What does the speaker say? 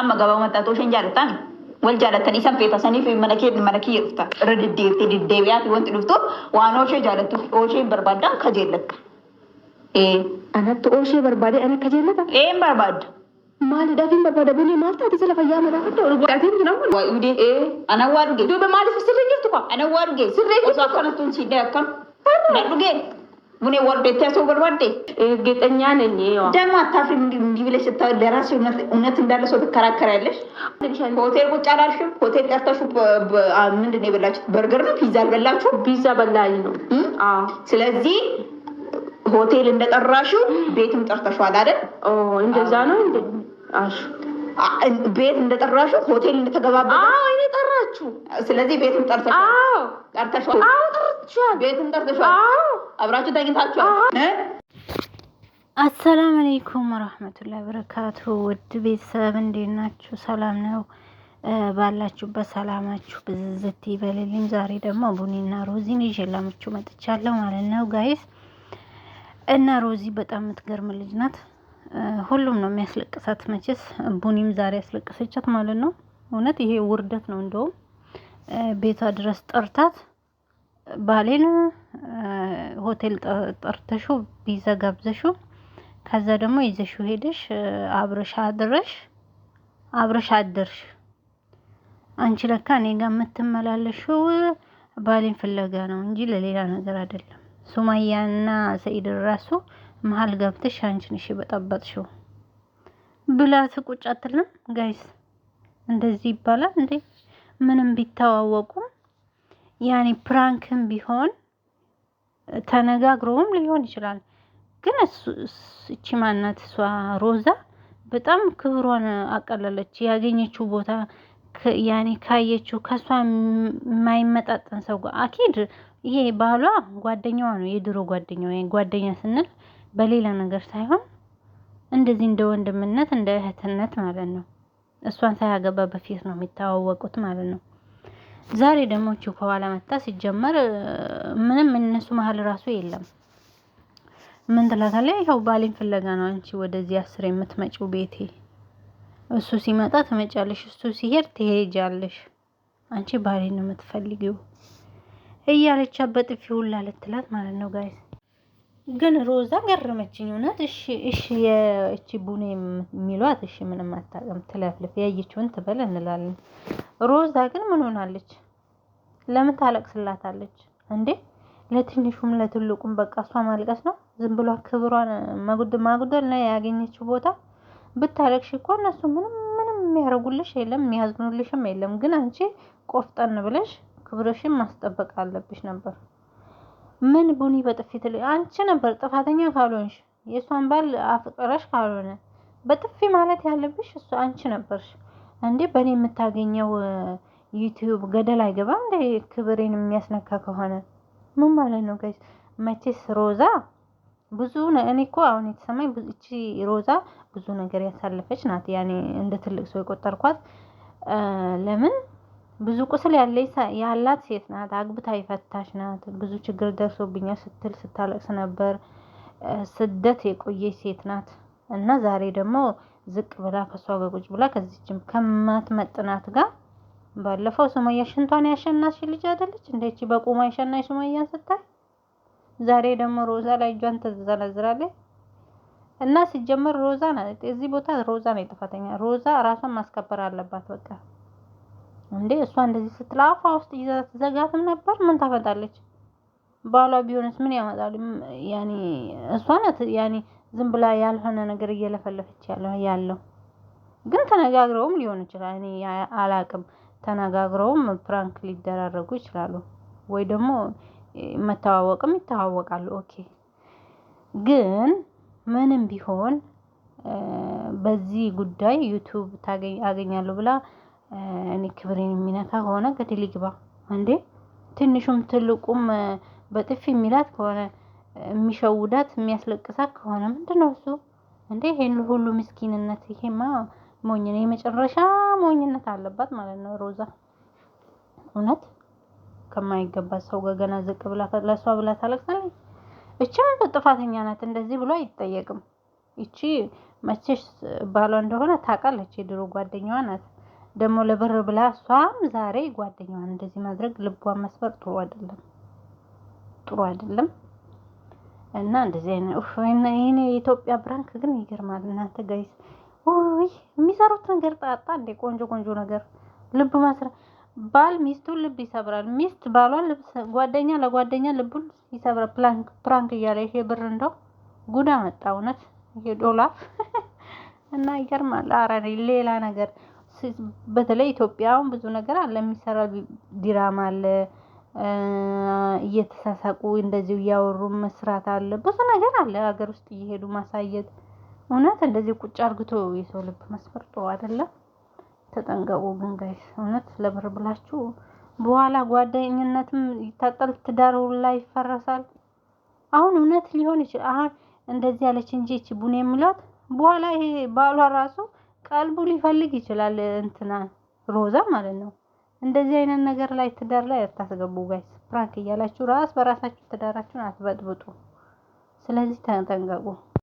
amma gabaabumatti haa ta'u isheen jaallatan wal jaallatan san feeta saniif mana kee mana kiyya dhufta irra deddeebite deddeebi'aa fi wanti dhuftu waan ooshee jaalattu ooshee barbaaddaa akka jeellatta. Anatti ooshee barbaade ani jeellata? Ee barbaadda. Maalidhaa fi barbaada bulee maal taate sala fayyaa madaa fadda ol godhatee jiran kun. Waa dhugee. Ee. ana waa dhugee. Duuba maaliif sirree jirtu kwa? Ana waa dhugee. Sirree jirtu kwa. Osoo akkanattuun siidee akkam. Na dhugee. ምን ወርዶ የተያሰው ወርወርዴ እርግጠኛ ነኝ። ደግሞ አታፍሪም? እንዲህ ብለሽ ስታወሪ ለራስሽ እውነት እንዳለ ሰው ትከራከሪያለሽ። ሆቴል ቁጭ አላልሽም? ሆቴል ቀርተሹ ምንድን ነው የበላችሁት? በርገር ነው ፒዛ አልበላችሁ? ፒዛ በላኝ ነው። ስለዚህ ሆቴል እንደጠራሹ ቤትም ጠርተሹ አላደል? እንደዛ ነው። እንደ አሹ ቤት እንደጠራሹ ሆቴል እንደተገባበ እኔ ጠራችሁ። ስለዚህ ቤትም ጠርተሻል፣ ጠርተሻል፣ ቤትም ጠርተሻል፣ አብራችሁ ተኝታችኋል። አሰላም አለይኩም ወራህመቱላሂ ወበረካቱ። ውድ ቤተሰብ እንዴት ናችሁ? ሰላም ነው ባላችሁበት ሰላማችሁ ብዝዝት ይበልልኝ። ዛሬ ደግሞ ቡኒና ሮዚን ይዤላችሁ መጥቻለሁ ማለት ነው ጋይስ። እና ሮዚ በጣም የምትገርም ልጅ ናት። ሁሉም ነው የሚያስለቅሳት። መቼስ ቡኒም ዛሬ ያስለቅሰቻት ማለት ነው። እውነት ይሄ ውርደት ነው። እንደውም ቤቷ ድረስ ጠርታት ባሌን ሆቴል ጠርተሹ ቢዛ ጋብዘሹ፣ ከዛ ደግሞ ይዘሹ ሄደሽ አብረሽ አድረሽ አብረሽ አድርሽ አንቺ ለካ እኔ ጋር የምትመላለሽው ባሌን ፍለጋ ነው እንጂ ለሌላ ነገር አይደለም። ሱማያና ሰኢድ ራሱ መሀል ገብተሽ አንቺ ነሽ የበጠበጥሽው ብላ ትቁጭ አትልም? ጋይስ እንደዚህ ይባላል እንዴ? ምንም ቢተዋወቁም ያኔ ፕራንክም ቢሆን ተነጋግሮም ሊሆን ይችላል። ግን እቺ ማናት እሷ ሮዛ በጣም ክብሯን አቀለለች። ያገኘችው ቦታ ያኔ ካየችው ከእሷ የማይመጣጠን ሰው አኪድ ይሄ ባህሏ ጓደኛዋ ነው የድሮ ጓደኛ ጓደኛ ስንል በሌላ ነገር ሳይሆን እንደዚህ እንደ ወንድምነት እንደ እህትነት ማለት ነው። እሷን ሳያገባ በፊት ነው የሚተዋወቁት ማለት ነው። ዛሬ ደግሞ እቺ ከኋላ መጣ። ሲጀመር ምንም እነሱ መሀል ራሱ የለም። ምን ትላታለህ? ይኸው ባሌን ፍለጋ ነው አንቺ ወደዚህ አስር የምትመጪው ቤቴ። እሱ ሲመጣ ትመጫለሽ፣ እሱ ሲሄድ ትሄጃለሽ። አንቺ ባሌን ነው የምትፈልጊው እያለቻ በጥፊ ሁላ ልትላት ማለት ነው ጋይስ ግን ሮዛ ገረመችኝ። እውነት እሺ እሺ እቺ ቡኔ የሚሏት እሺ ምንም አታውቅም፣ ትለፍልፍ ያየችውን ትበል እንላለን። ሮዛ ግን ምን ሆናለች? ለምን ታለቅስላታለች እንዴ? ለትንሹም ለትልቁም በቃ እሷ ማልቀስ ነው ዝም ብሏ ክብሯን ማጉደል ነው ያገኘችው ቦታ። ብታለቅሽ እኮ እነሱ ምንም ምንም የሚያደርጉልሽ የለም የሚያዝኑልሽም የለም። ግን አንቺ ቆፍጠን ብለሽ ክብርሽን ማስጠበቅ አለብሽ ነበር። ምን ቡኒ በጥፊ ትል አንቺ ነበር ጥፋተኛ ካልሆንሽ የእሷን ባል አፍቅረሽ ካልሆነ በጥፊ ማለት ያለብሽ እሱ አንቺ ነበርሽ እንዴ በእኔ የምታገኘው ዩቲዩብ ገደል አይገባም እንደ ክብሬን የሚያስነካ ከሆነ ምን ማለት ነው ጋይስ መቼስ ሮዛ ብዙ እኔ እኮ አሁን የተሰማኝ እቺ ሮዛ ብዙ ነገር ያሳለፈች ናት ያኔ እንደ ትልቅ ሰው የቆጠርኳት ለምን ብዙ ቁስል ያላት ሴት ናት። አግብታ የፈታች ናት። ብዙ ችግር ደርሶብኛል ስትል ስታለቅስ ነበር። ስደት የቆየች ሴት ናት እና ዛሬ ደግሞ ዝቅ ብላ ከሷ ጋር ቁጭ ብላ ከዚችም ከማትመጥናት ጋር ባለፈው ሱመያ ሽንቷን ያሸናሽ ልጅ አይደለች እንደቺ በቁማ ያሸናሽ ሱመያ ስታይ ዛሬ ደግሞ ሮዛ ላይ እጇን ተዘረዝራለች። እና ሲጀመር ሮዛ ናት እዚህ ቦታ ሮዛ ነው የጥፋተኛ። ሮዛ ራሷን ማስከበር አለባት በቃ እንዴ እሷ እንደዚህ ስትል አፏ ውስጥ ይዛ ትዘጋትም ነበር። ምን ታፈጣለች? ባሏ ቢሆንስ ምን ያመጣል? ያኔ እሷ ናት ያኔ ዝም ብላ ያልሆነ ነገር እየለፈለፈች ያለው ያለው ግን ተነጋግረውም ሊሆን ይችላል። እኔ አላቅም። ተነጋግረውም ፕራንክ ሊደራረጉ ይችላሉ፣ ወይ ደግሞ መተዋወቅም ይተዋወቃሉ። ኦኬ። ግን ምንም ቢሆን በዚህ ጉዳይ ዩቱብ አገኛለሁ ብላ እኔ ክብሬን የሚነካ ከሆነ ገደል ይግባ እንዴ! ትንሹም ትልቁም በጥፊ የሚላት ከሆነ የሚሸውዳት የሚያስለቅሳት ከሆነ ምንድን ነው እሱ እንዴ? ይሄን ሁሉ ምስኪንነት ይሄማ ሞኝ ነው። የመጨረሻ ሞኝነት አለባት ማለት ነው ሮዛ። እውነት ከማይገባት ሰው ጋር ገና ዝቅ ብላ ለእሷ ብላ ታለቅሳለች። እችም ጥፋተኛ ናት። እንደዚህ ብሎ አይጠየቅም። ይቺ መቼሽ ባሏ እንደሆነ ታውቃለች። የድሮ ጓደኛዋ ናት። ደግሞ ለብር ብላ እሷም ዛሬ ጓደኛዋን እንደዚህ ማድረግ ልቧን መስበር ጥሩ አይደለም፣ ጥሩ አይደለም። እና እንደዚህ አይነት ይህን የኢትዮጵያ ብራንክ ግን ይገርማል። እናንተ ጋይስ ውይ የሚሰሩት ነገር ጣጣ እንዴ! ቆንጆ ቆንጆ ነገር ልብ ማስረ ባል ሚስቱን ልብ ይሰብራል። ሚስት ባሏን ጓደኛ ለጓደኛ ልቡን ይሰብራል። ፕላንክ ፕራንክ እያለ ይሄ ብር እንደው ጉዳ መጣ እውነት ይሄ እና ይገርማል። ኧረ ሌላ ነገር በተለይ ኢትዮጵያ አሁን ብዙ ነገር አለ የሚሰራ ዲራማ አለ እየተሳሳቁ እንደዚሁ እያወሩ መስራት አለ ብዙ ነገር አለ ሀገር ውስጥ እየሄዱ ማሳየት እውነት እንደዚህ ቁጭ አርግቶ የሰው ልብ መስፈር አይደለም ተጠንቀቁ ግን ጋይስ እውነት ለብር ብላችሁ በኋላ ጓደኝነትም ይታጠል ትዳሩ ላይ ይፈረሳል አሁን እውነት ሊሆን ይችላል አሁን እንደዚህ ያለች እንጂ ቡኔ የሚሏት በኋላ ይሄ ባሏ ራሱ ቀልቡ ሊፈልግ ይችላል እንትና ሮዛ ማለት ነው። እንደዚህ አይነት ነገር ላይ ትዳር ላይ አታስገቡ ጋይስ። ፕራንክ እያላችሁ ራስ በራሳችሁ ትዳራችሁን አትበጥብጡ። ስለዚህ ተጠንቀቁ።